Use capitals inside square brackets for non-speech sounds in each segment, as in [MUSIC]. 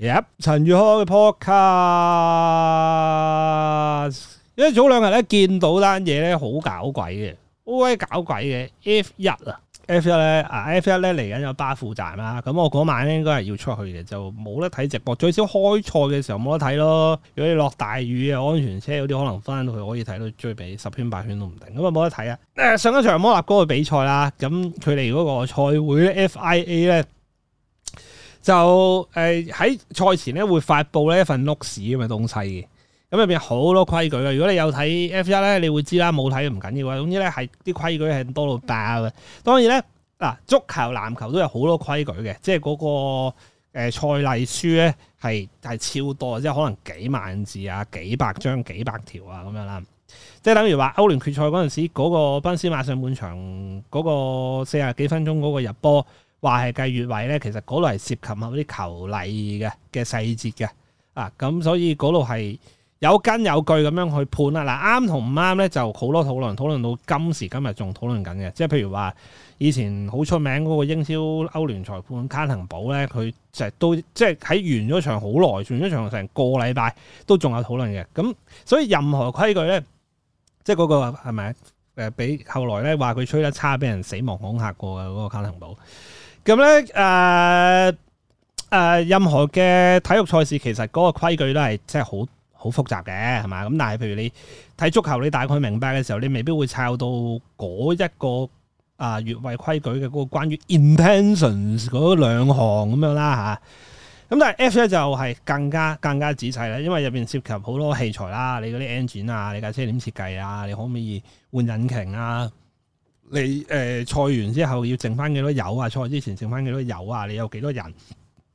yep 陳宇開嘅 podcast，一早兩日咧見到單嘢咧，好搞鬼嘅，o 搞鬼嘅。F 一啊，F 一咧啊，F 一咧嚟緊有巴富站啦。咁我嗰晚咧應該係要出去嘅，就冇得睇直播。最少開賽嘅時候冇得睇咯。如果你落大雨啊，安全車嗰啲可能翻到去可以睇到追比十圈八圈都唔定。咁啊冇得睇啊！上一場摩納哥嘅比賽啦，咁佢哋嗰個賽會呢，FIA 咧。就誒喺賽前咧會發佈咧一份碌屎咁嘅東西嘅，咁入邊好多規矩嘅。如果你有睇 F 一咧，你會知啦；冇睇唔緊要啊。總之咧，係啲規矩係多到爆嘅。當然咧，嗱足球、籃球都有好多規矩嘅，即係嗰個誒賽例書咧係係超多，即係可能幾萬字啊、幾百張、幾百條啊咁樣啦。即係等於話歐聯決賽嗰陣時，嗰個賓斯馬上半場嗰個四十幾分鐘嗰個入波。話係計越位咧，其實嗰度係涉及嗰啲球例嘅嘅細節嘅啊，咁所以嗰度係有根有據咁樣去判啦。嗱，啱同唔啱咧，就好多討論討論到今時今日仲討論緊嘅，即係譬如話以前好出名嗰個英超歐聯裁判卡藤堡咧，佢就係都即係喺完咗場好耐，完咗場成個禮拜都仲有討論嘅。咁所以任何規矩咧，即係、那、嗰個係咪誒？俾後來咧話佢吹得差，俾人死亡恐嚇過嘅嗰、那個卡藤堡。咁咧，誒誒、呃呃，任何嘅體育賽事其實嗰個規矩都係即係好好複雜嘅，係嘛？咁但係，譬如你睇足球，你大概明白嘅時候，你未必會抄到嗰、那、一個啊、呃，越位規矩嘅嗰個關於 intentions 嗰兩項咁樣啦吓。咁、啊、但係 F1 就係更加更加仔細啦，因為入邊涉及好多器材啦，你嗰啲 engine 啊，你架車點設計啊，你可唔可以換引擎啊？你誒，賽、呃、完之後要剩翻幾多油啊？賽之前剩翻幾多油啊？你有幾多人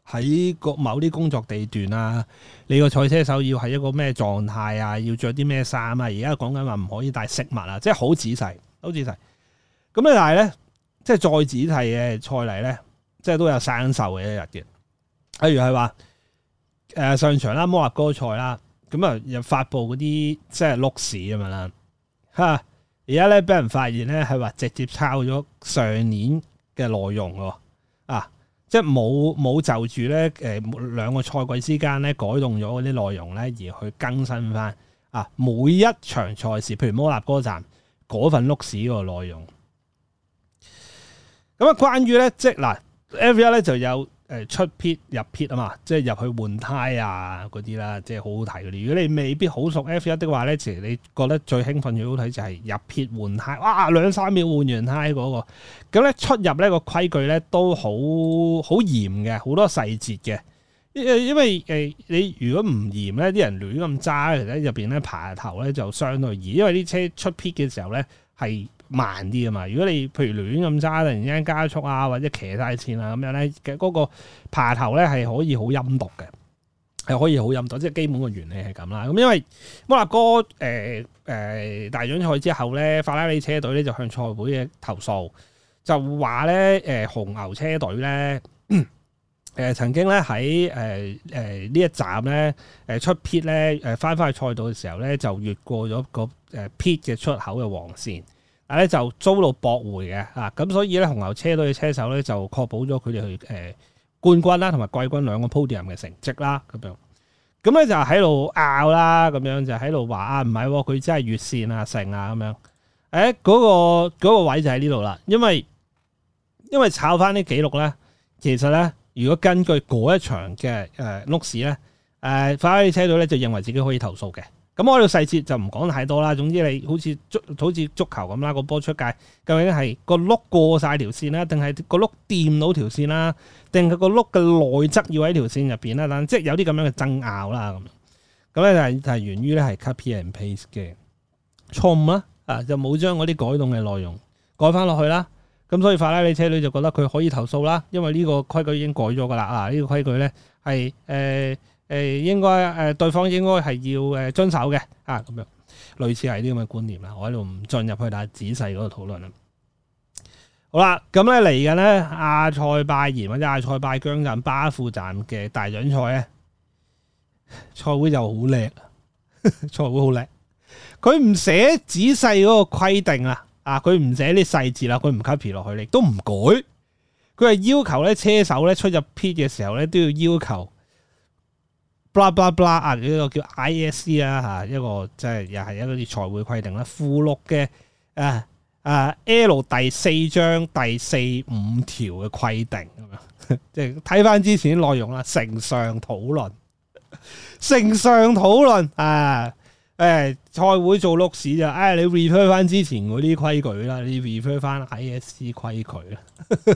喺個某啲工作地段啊？你個賽車手要係一個咩狀態啊？要着啲咩衫啊？而家講緊話唔可以帶食物啊，即係好仔細，好仔細。咁咧，但係咧，即係再仔細嘅賽例咧，即係都有生銹嘅一日嘅。譬如係話誒上場啦，摩納哥賽啦，咁啊又發布嗰啲即係碌屎咁樣啦，嚇。而家咧俾人發現咧，係話直接抄咗上年嘅內容喎，啊，即係冇冇就住咧，誒兩個賽季之間咧改動咗嗰啲內容咧，而去更新翻啊，每一場賽事，譬如摩納哥站嗰份碌屎嗰個內容。咁啊，關於咧，即嗱，F1 咧就有。誒出撇入撇啊嘛，即係入去換胎啊嗰啲啦，即係好好睇嗰啲。如果你未必好熟 F1 的話咧，其實你覺得最興奮最好睇就係入撇換胎，哇兩三秒換完胎嗰、嗰個。咁咧出入呢個規矩咧都好好嚴嘅，好多細節嘅。因為因、呃、你如果唔嚴咧，啲人亂咁揸咧其實入邊咧爬頭咧就相當易，因為啲車出撇嘅時候咧係。慢啲啊嘛！如果你譬如亂咁揸，突然之間加速啊，或者騎晒線啊，咁樣咧，其實嗰個爬頭咧係可以好陰毒嘅，係可以好陰毒。即係基本嘅原理係咁啦。咁因為摩納哥誒誒、呃呃、大獎賽之後咧，法拉利車隊咧就向賽會嘅投訴，就話咧誒紅牛車隊咧誒、呃、曾經咧喺誒誒呢一站咧誒出 pit 咧誒翻翻去賽道嘅時候咧就越過咗個誒 pit 嘅出口嘅黃線。咧就遭到駁回嘅，咁所以咧紅牛車隊嘅車手咧就確保咗佢哋去誒冠軍啦，同埋季軍兩個 podium 嘅成績啦，咁樣，咁咧就喺度拗啦，咁樣就喺度話啊，唔係、哦，佢真係越線啊，成啊，咁樣，誒、欸、嗰、那個嗰、那個位就喺呢度啦，因為因為抄翻啲記錄咧，其實咧如果根據嗰一場嘅誒碌士咧，誒法拉利車隊咧就認為自己可以投訴嘅。咁我喺度細節就唔講太多啦。總之你好似足好似足球咁啦，個波出界究竟係個碌過晒條線啦，定係個碌掂到條線啦，定係個碌嘅內側要喺條線入邊啦？但即係有啲咁樣嘅爭拗啦。咁咁咧就係源於咧係 Copy and Paste 嘅錯誤啦。啊，啊，就冇將嗰啲改動嘅內容改翻落去啦。咁所以法拉利車隊就覺得佢可以投訴啦，因為呢個規矩已經改咗噶啦。啊，呢個規矩咧係、呃誒，應該誒，對方應該係要誒遵守嘅，啊咁樣，類似係啲咁嘅觀念啦。我喺度唔進入去，但係仔細嗰度討論啦。好啦，咁咧嚟緊咧，亞塞拜然或者亞塞拜疆站巴庫站嘅大獎賽咧，賽會就好叻，賽會好叻。佢唔寫仔細嗰個規定啊，啊，佢唔寫啲細節啦，佢唔 copy 落去，亦都唔改。佢係要求咧，車手咧出入 pit 嘅時候咧，都要要求。bla bla bla 啊，呢個叫 ISC 啊，吓一個即係又係一個啲賽會規定啦，附錄嘅啊啊 L 第四章第四五條嘅規定咁樣，即係睇翻之前啲內容啦，成上討論，成上討論啊，誒、哎、賽會做錄屎就啊，你 refer 翻之前嗰啲規矩啦，你 refer 翻 ISC 規矩。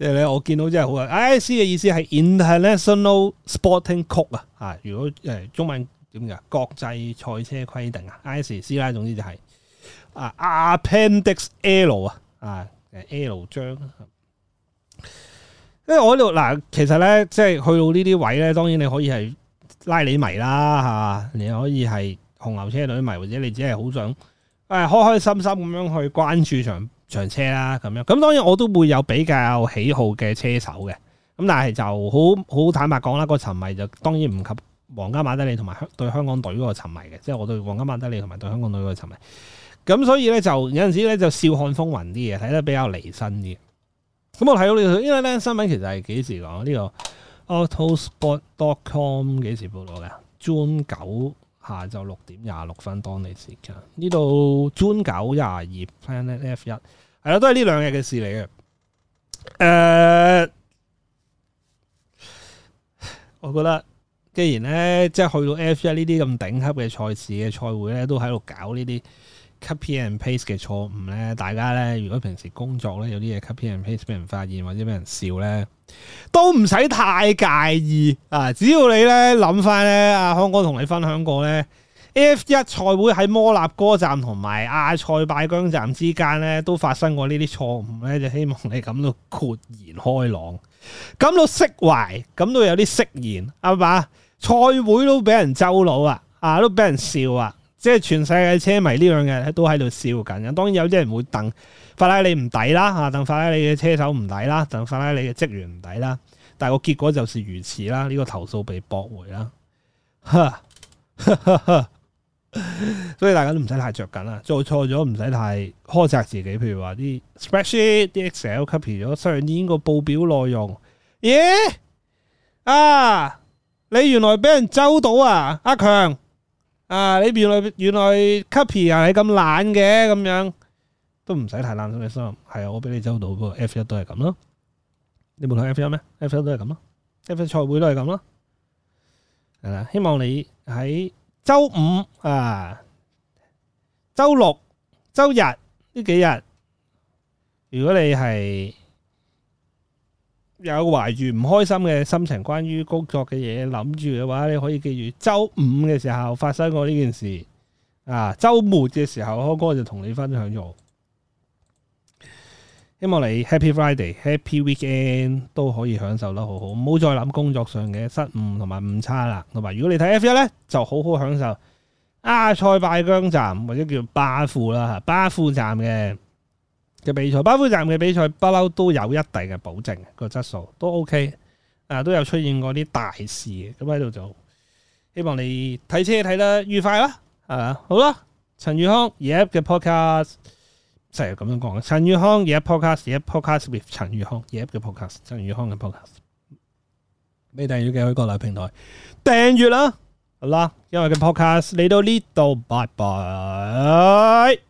即係咧，我見到真係好啊！I C 嘅意思係 International Sporting Code 啊，如果中文點㗎？國際賽車規定啊，I C 啦，總之就係、是、啊 Appendix L 啊，啊 L 章。因為我度嗱，其實咧，即係去到呢啲位咧，當然你可以係拉你迷啦，你可以係紅牛車隊迷，或者你只係好想開開心心咁樣去關注場長車啦，咁樣，咁當然我都會有比較喜好嘅車手嘅，咁但係就好好坦白講啦，個沉迷就當然唔及皇家馬德里同埋對香港隊嗰個沉迷嘅，即係我對皇家馬德里同埋對香港隊嗰個沉迷。咁所以咧，就有陣時咧就笑看風雲啲嘢，睇得比較離身啲。咁我睇到呢，因為呢新聞其實係幾時講呢個 Autosport.com 幾時報道嘅？June 九。下晝六點廿六分當地時間，呢度 June 九廿二 Planet F 一係啦，都係呢兩日嘅事嚟嘅。誒、呃，我覺得既然咧，即係去到 F 一呢啲咁頂級嘅賽事嘅賽會咧，都喺度搞呢啲。copy and paste 嘅錯誤咧，大家咧，如果平時工作咧有啲嘢 copy and paste 俾人發現或者俾人笑咧，都唔使太介意啊！只要你咧諗翻咧，阿康哥同你分享過咧，A F1 賽會喺摩納哥站同埋亞塞拜疆站之間咧，都發生過呢啲錯誤咧，就希望你感到豁然開朗，感到釋懷，感到有啲釋然，係嘛？賽會都俾人周老啊，啊，都俾人笑啊！即係全世界車迷呢樣嘢都喺度笑緊，當然有啲人會戥法拉利唔抵啦，吓戥法拉利嘅車手唔抵啦，戥法拉利嘅職員唔抵啦，但係個結果就是如此啦，呢、這個投訴被駁回啦。 [LAUGHS] 所以大家都唔使太着緊啦，做錯咗唔使太苛責自己，譬如話啲 spreadsheet 啲 Excel copy 咗上年個報表內容，耶啊，你原來俾人捉到啊，阿強。啊！你原來原來 copy 又係咁懶嘅，咁樣，都唔使太懶心嘅心。係啊，我俾你週到嗰個 F1 都係咁咯。你冇睇 F1 咩？F1 都係咁咯，F1 賽會都係咁咯。係啦，希望你喺週五啊、週六、週日呢幾日，如果你係。有懷住唔開心嘅心情，關於工作嘅嘢諗住嘅話，你可以記住，周五嘅時候發生過呢件事，啊，週末嘅時候，哥就同你分享咗，希望你 Happy Friday、Happy Weekend 都可以享受得好好，唔好再諗工作上嘅失誤同埋誤差啦。同埋如果你睇 F1 呢，就好好享受阿塞拜疆站或者叫巴庫啦，巴庫站嘅。嘅比賽，包富站嘅比賽不嬲都有一定嘅保證，個質素都 OK，啊都有出現過啲大事，咁喺度就希望你睇車睇得愉快啦，啊好啦，陳宇康而家嘅 podcast 成日咁樣講，陳宇康而家 podcast 而家 podcast with 陳宇康而家嘅 podcast，陳宇康嘅 podcast，未訂閱嘅可以各大平台訂閱啦，好啦，今日嘅 podcast 嚟到呢度，拜拜。